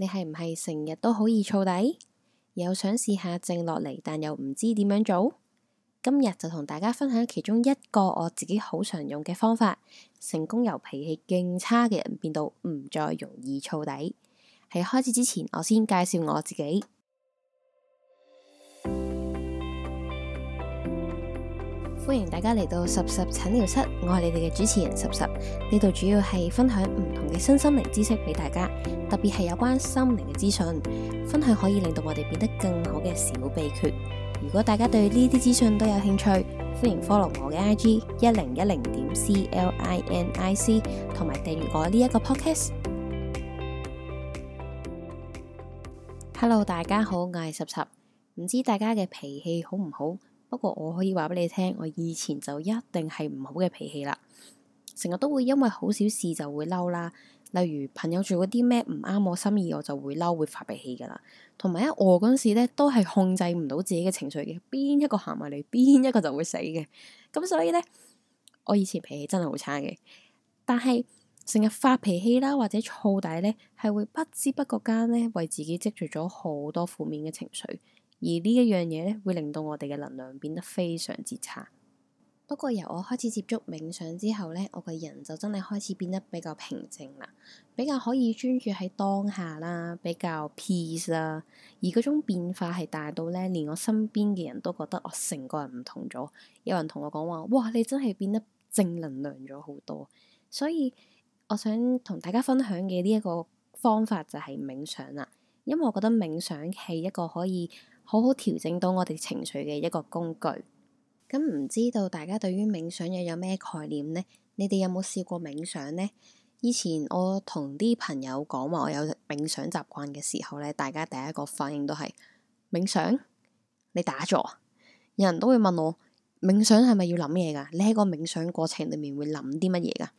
你係唔係成日都好易燥底，又想試下靜落嚟，但又唔知點樣做？今日就同大家分享其中一個我自己好常用嘅方法，成功由脾氣勁差嘅人變到唔再容易燥底。喺開始之前，我先介紹我自己。歡迎大家嚟到拾十診療室，我係你哋嘅主持人拾十，呢度主要係分享唔同嘅新心靈知識俾大家，特別係有關心靈嘅資訊分享，可以令到我哋變得更好嘅小秘訣。如果大家對呢啲資訊都有興趣，歡迎 follow 我嘅 IG 一零一零點 Clinic，同埋訂閱我呢一個 podcast。Hello，大家好，我係拾十，唔知大家嘅脾氣好唔好？不過我可以話俾你聽，我以前就一定係唔好嘅脾氣啦，成日都會因為好小事就會嬲啦，例如朋友做嗰啲咩唔啱我心意，我就會嬲，會發脾氣噶啦。同埋喺餓嗰陣時咧，都係控制唔到自己嘅情緒嘅，邊一個行埋嚟，邊一個就會死嘅。咁所以咧，我以前脾氣真係好差嘅，但係成日發脾氣啦，或者燥底咧，係會不知不覺間咧，為自己積聚咗好多負面嘅情緒。而呢一樣嘢咧，會令到我哋嘅能量變得非常之差。不過，由我開始接觸冥想之後咧，我個人就真係開始變得比較平靜啦，比較可以專注喺當下啦，比較 peace 啦。而嗰種變化係大到咧，連我身邊嘅人都覺得我成個人唔同咗。有人同我講話：哇，你真係變得正能量咗好多。所以我想同大家分享嘅呢一個方法就係冥想啦，因為我覺得冥想係一個可以好好調整到我哋情緒嘅一個工具，咁唔知道大家對於冥想又有咩概念呢？你哋有冇試過冥想呢？以前我同啲朋友講話我有冥想習慣嘅時候呢，大家第一個反應都係冥想，你打坐？有人都會問我冥想係咪要諗嘢噶？你喺個冥想過程裏面會諗啲乜嘢噶？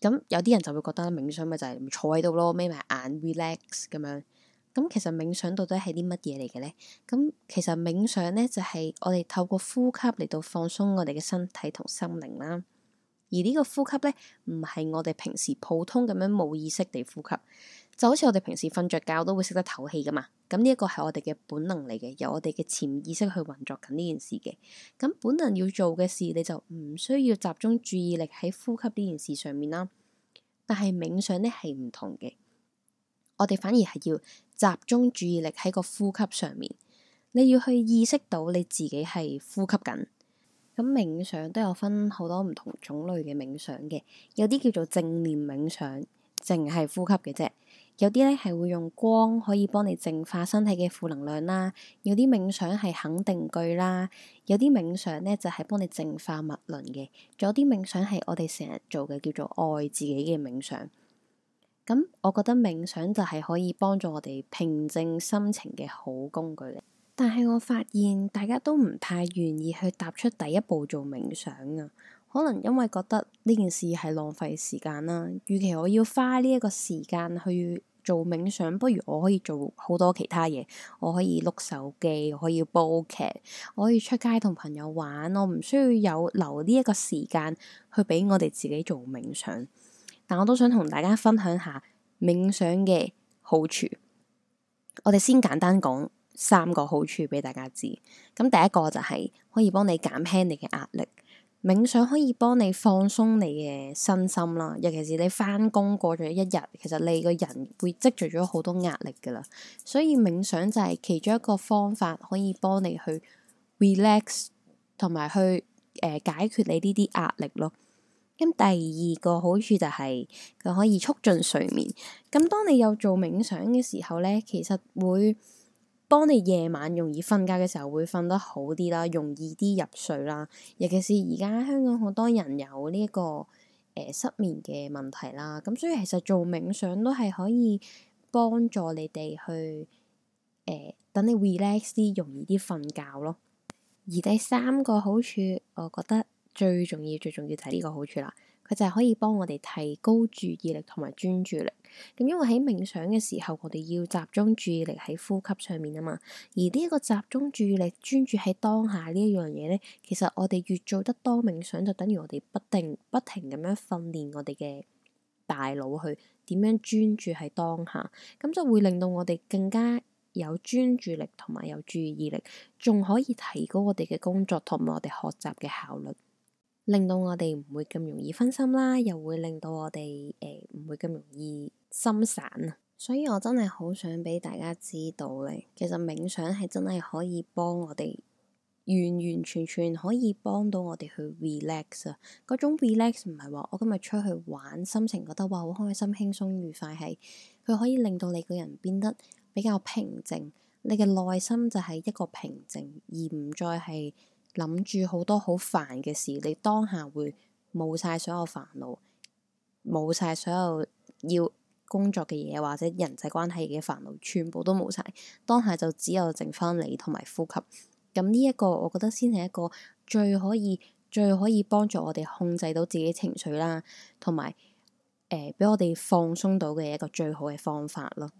咁有啲人就會覺得冥想咪就係坐喺度咯，眯埋眼 relax 咁樣。咁其實冥想到底係啲乜嘢嚟嘅咧？咁其實冥想咧就係我哋透過呼吸嚟到放鬆我哋嘅身體同心靈啦。而呢個呼吸咧，唔係我哋平時普通咁樣冇意識地呼吸，就好似我哋平時瞓着覺都會識得唞氣噶嘛。咁呢一個係我哋嘅本能嚟嘅，由我哋嘅潛意識去運作緊呢件事嘅。咁本能要做嘅事，你就唔需要集中注意力喺呼吸呢件事上面啦。但係冥想咧係唔同嘅。我哋反而係要集中注意力喺個呼吸上面，你要去意識到你自己係呼吸緊。咁冥想都有分好多唔同種類嘅冥想嘅，有啲叫做正念冥想，淨係呼吸嘅啫；有啲咧係會用光可以幫你淨化身體嘅負能量啦；有啲冥想係肯定句啦；有啲冥想咧就係、是、幫你淨化物輪嘅；仲有啲冥想係我哋成日做嘅，叫做愛自己嘅冥想。咁、嗯，我覺得冥想就係可以幫助我哋平靜心情嘅好工具咧。但係，我發現大家都唔太願意去踏出第一步做冥想啊。可能因為覺得呢件事係浪費時間啦、啊。與其我要花呢一個時間去做冥想，不如我可以做好多其他嘢。我可以碌手機，我可以煲劇，我可以出街同朋友玩，我唔需要有留呢一個時間去俾我哋自己做冥想。但我都想同大家分享下冥想嘅好處。我哋先簡單講三個好處俾大家知。咁第一個就係可以幫你減輕你嘅壓力，冥想可以幫你放鬆你嘅身心啦。尤其是你返工過咗一日，其實你個人會積聚咗好多壓力噶啦，所以冥想就係其中一個方法，可以幫你去 relax 同埋去呃解決你呢啲壓力咯。咁第二個好處就係佢可以促進睡眠。咁當你有做冥想嘅時候咧，其實會幫你夜晚容易瞓覺嘅時候會瞓得好啲啦，容易啲入睡啦。尤其是而家香港好多人有呢個誒失眠嘅問題啦，咁所以其實做冥想都係可以幫助你哋去誒等你 relax 啲，容易啲瞓覺咯。而第三個好處，我覺得。最重要，最重要就係呢個好處啦。佢就係可以幫我哋提高注意力同埋專注力。咁因為喺冥想嘅時候，我哋要集中注意力喺呼吸上面啊嘛。而呢一個集中注意力專注喺當下呢一樣嘢咧，其實我哋越做得多冥想，就等於我哋不定不停咁樣訓練我哋嘅大腦去點樣專注喺當下，咁就會令到我哋更加有專注力同埋有注意力，仲可以提高我哋嘅工作同埋我哋學習嘅效率。令到我哋唔會咁容易分心啦，又會令到我哋誒唔會咁容易心散啊。所以我真係好想俾大家知道咧，其實冥想係真係可以幫我哋完完全全可以幫到我哋去 relax 啊。嗰種 relax 唔係話我今日出去玩，心情覺得話好開心、輕鬆、愉快，係佢可以令到你個人變得比較平靜，你嘅內心就係一個平靜，而唔再係。諗住好多好煩嘅事，你當下會冇晒所有煩惱，冇晒所有要工作嘅嘢或者人際關係嘅煩惱，全部都冇晒，當下就只有剩翻你同埋呼吸。咁呢一個，我覺得先係一個最可以、最可以幫助我哋控制到自己情緒啦，同埋誒，俾，呃，我哋放鬆到嘅一個最好嘅方法咯。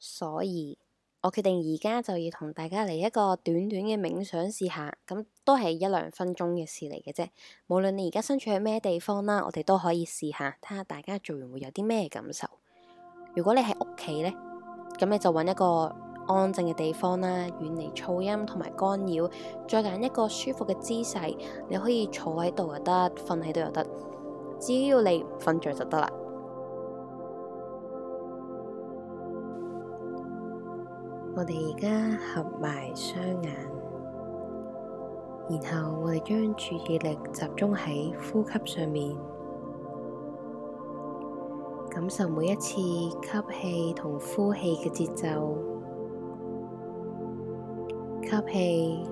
所以。我決定而家就要同大家嚟一個短短嘅冥想試下，咁都係一兩分鐘嘅事嚟嘅啫。無論你而家身處喺咩地方啦，我哋都可以試下，睇下大家做完會有啲咩感受。如果你喺屋企呢，咁你就揾一個安靜嘅地方啦，遠離噪音同埋干擾，再揀一個舒服嘅姿勢，你可以坐喺度又得，瞓喺度又得，只要你唔瞓着就得啦。我哋而家合埋雙眼，然後我哋將注意力集中喺呼吸上面，感受每一次吸氣同呼氣嘅節奏。吸氣，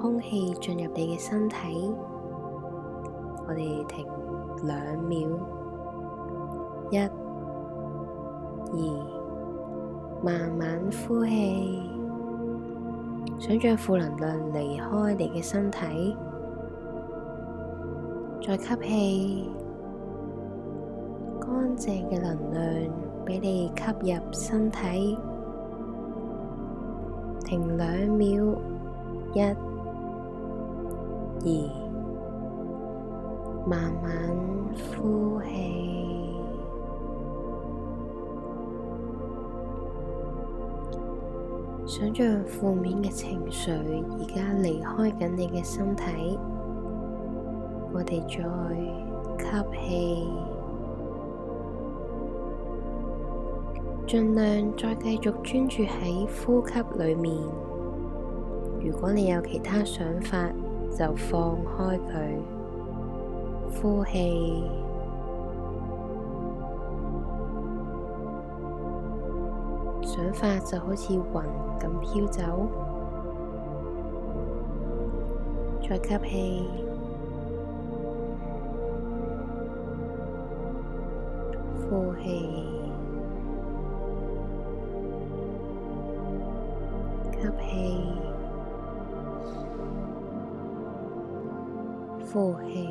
空氣進入你嘅身體，我哋停兩秒，一、二。慢慢呼氣，想象負能量離開你嘅身體，再吸氣，乾淨嘅能量畀你吸入身體，停兩秒，一、二，慢慢呼氣。想象負面嘅情緒而家離開緊你嘅身體，我哋再吸氣，盡量再繼續專注喺呼吸裏面。如果你有其他想法，就放開佢，呼氣。想法就好似雲咁飄走，再吸氣，呼氣，吸氣，呼氣，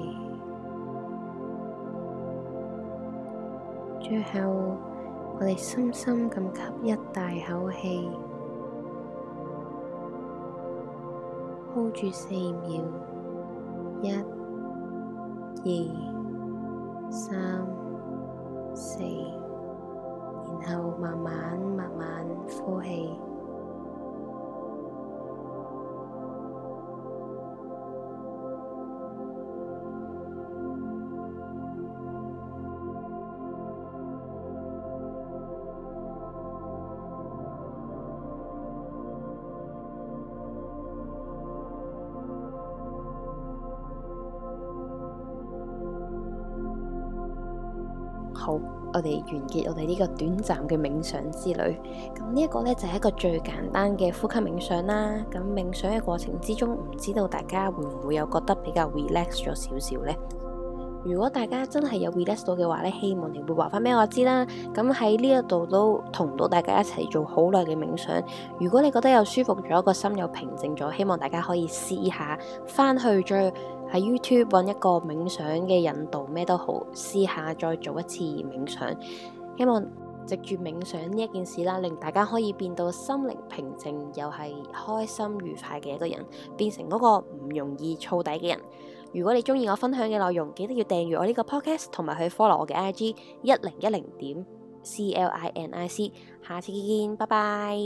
最後。我哋深深咁吸一大口氣，hold 住四秒，一、二、三、四，然後慢慢慢慢呼氣。我哋完結我哋呢個短暫嘅冥想之旅，咁呢一個呢就係一個最簡單嘅呼吸冥想啦。咁冥想嘅過程之中，唔知道大家會唔會有覺得比較 relax 咗少少呢？如果大家真係有 relax 到嘅話呢，希望你會話翻俾我知啦。咁喺呢一度都同到大家一齊做好耐嘅冥想。如果你覺得又舒服咗，個心又平靜咗，希望大家可以試下翻去再。喺 YouTube 揾一個冥想嘅引導咩都好，試下再做一次冥想。希望藉住冥想呢一件事啦，令大家可以變到心靈平靜又係開心愉快嘅一個人，變成嗰個唔容易躁底嘅人。如果你中意我分享嘅內容，記得要訂閱我呢個 podcast，同埋去 follow 我嘅 IG 一零一零點 C L I N I C。下次見，拜拜。